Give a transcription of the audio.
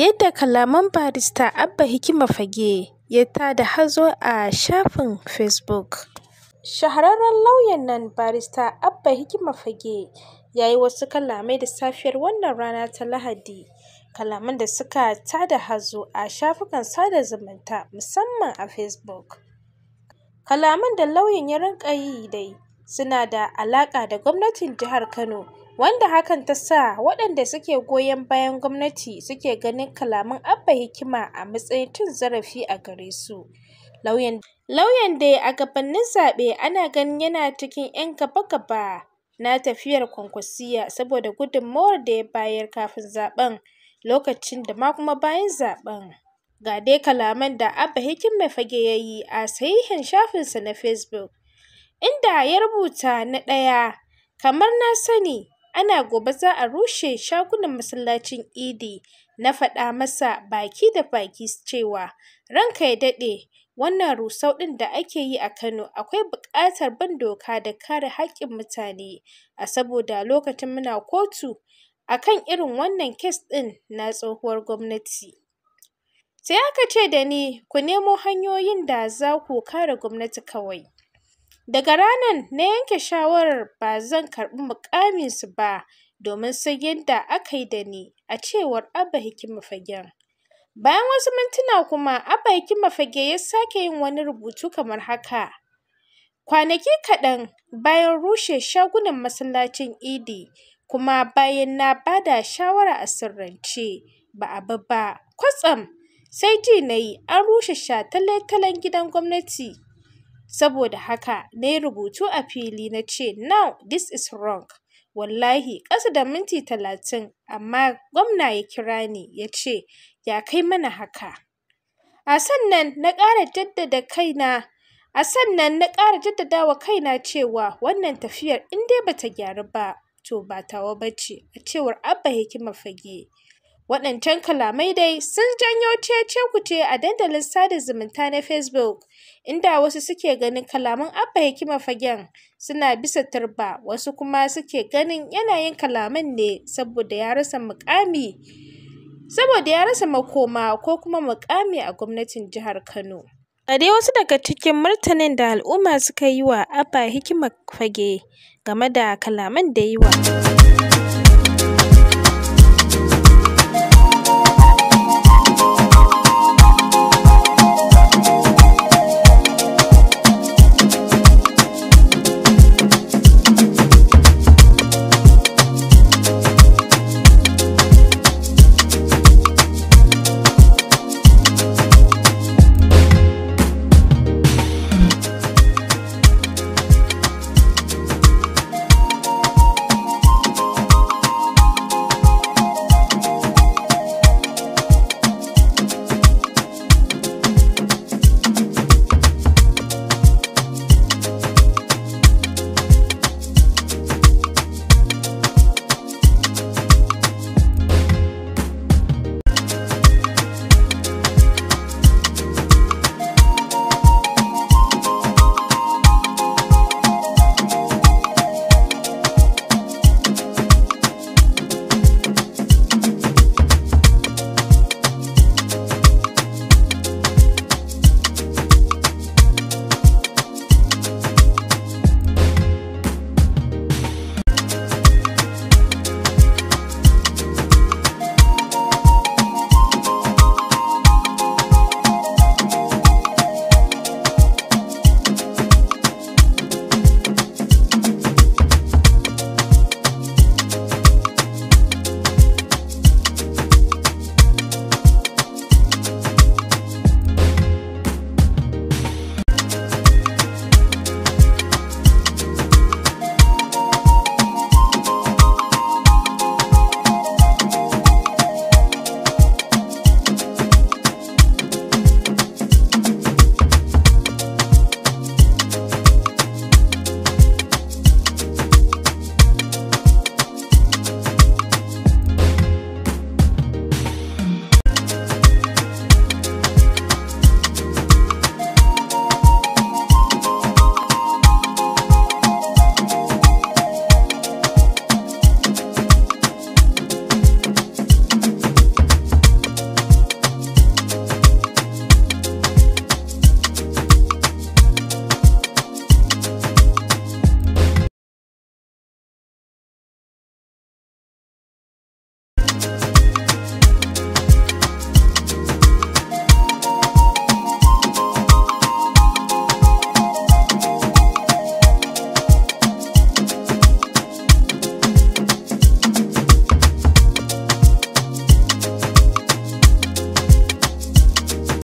Yadda kalaman barista Abba Hikima Fage ya tada hazo a shafin Facebook. Shahararren lauyan nan barista Abba Hikima Fage ya yi wasu kalamai da safiyar wannan rana ta Lahadi, kalaman da suka tada hazo a shafukan sada zumunta musamman a Facebook. Kalaman da lauyan ya rinka yi dai suna da alaƙa da gwamnatin jihar Kano wanda hakan ta sa waɗanda suke goyon bayan gwamnati suke ganin kalaman Abba Hikima a matsayin cin zarafi a gare su. Lauyan Lauyan dai a gabanin zaɓe ana ganin yana cikin 'yan gaba-gaba na tafiyar Kwankwasiyya saboda gudummawar da ya bayar kafin zaɓen lokacin da ma kuma bayan zaɓen. Ga dai kalaman da Abba Hikima Fage ya yi a sahihin shafinsa na Facebook. inda ya rubuta na ɗaya kamar na sani ana gobe za a rushe shagunan masallacin Idi. Na faɗa masa baki da baki cewa, ranka ya daɗe, wannan rusau ɗin da ake yi a Kano akwai buƙatar bin doka da kare haƙƙin mutane, a saboda lokacin muna kotu a kan irin wannan kes ɗin na tsohuwar gwamnati. Sai aka ce da ni, ku nemo hanyoyin da za ku kare gwamnati kawai. Daga ranan na yanke shawarar ba zan karɓi muƙamin ba domin sai yadda aka yi da ni, a cewar Abba Hikima Fage. Bayan wasu mintuna kuma, Abba Hikima Fage ya sake yin wani rubutu kamar haka: Kwanaki kaɗan bayan rushe shagunan masallacin Idi kuma bayan na ba da shawara a sirrance, ba a bi ba, kwatsam sai ji na yi an rushe shataletalen gidan gwamnati. Saboda haka na yi rubutu a fili na ce “No, this is wrong.” Wallahi ƙasa da minti talatin amma gwamna ya kira ni ya ce “Ya kai mana haka.” A sannan na ƙara jaddada kaina a sannan na ƙara jaddadawa kaina cewa wannan tafiyar in dai ba ta gyaru ba to ba tawa bace, a cewar Abba Hikima Fage. Waɗancan kalamai dai sun janyo ce kuce a dandalin sada zumunta na Facebook, inda wasu suke ganin kalaman Abba Hikima Fagen suna bisa turba, wasu kuma suke ganin yanayin kalaman ne saboda ya rasa muƙami saboda ya rasa makoma ko kuma muƙami a gwamnatin jihar Kano. A dai wasu daga cikin martanin da al'umma suka yi wa Abba Hikima Fage game da kalaman da ya yi wa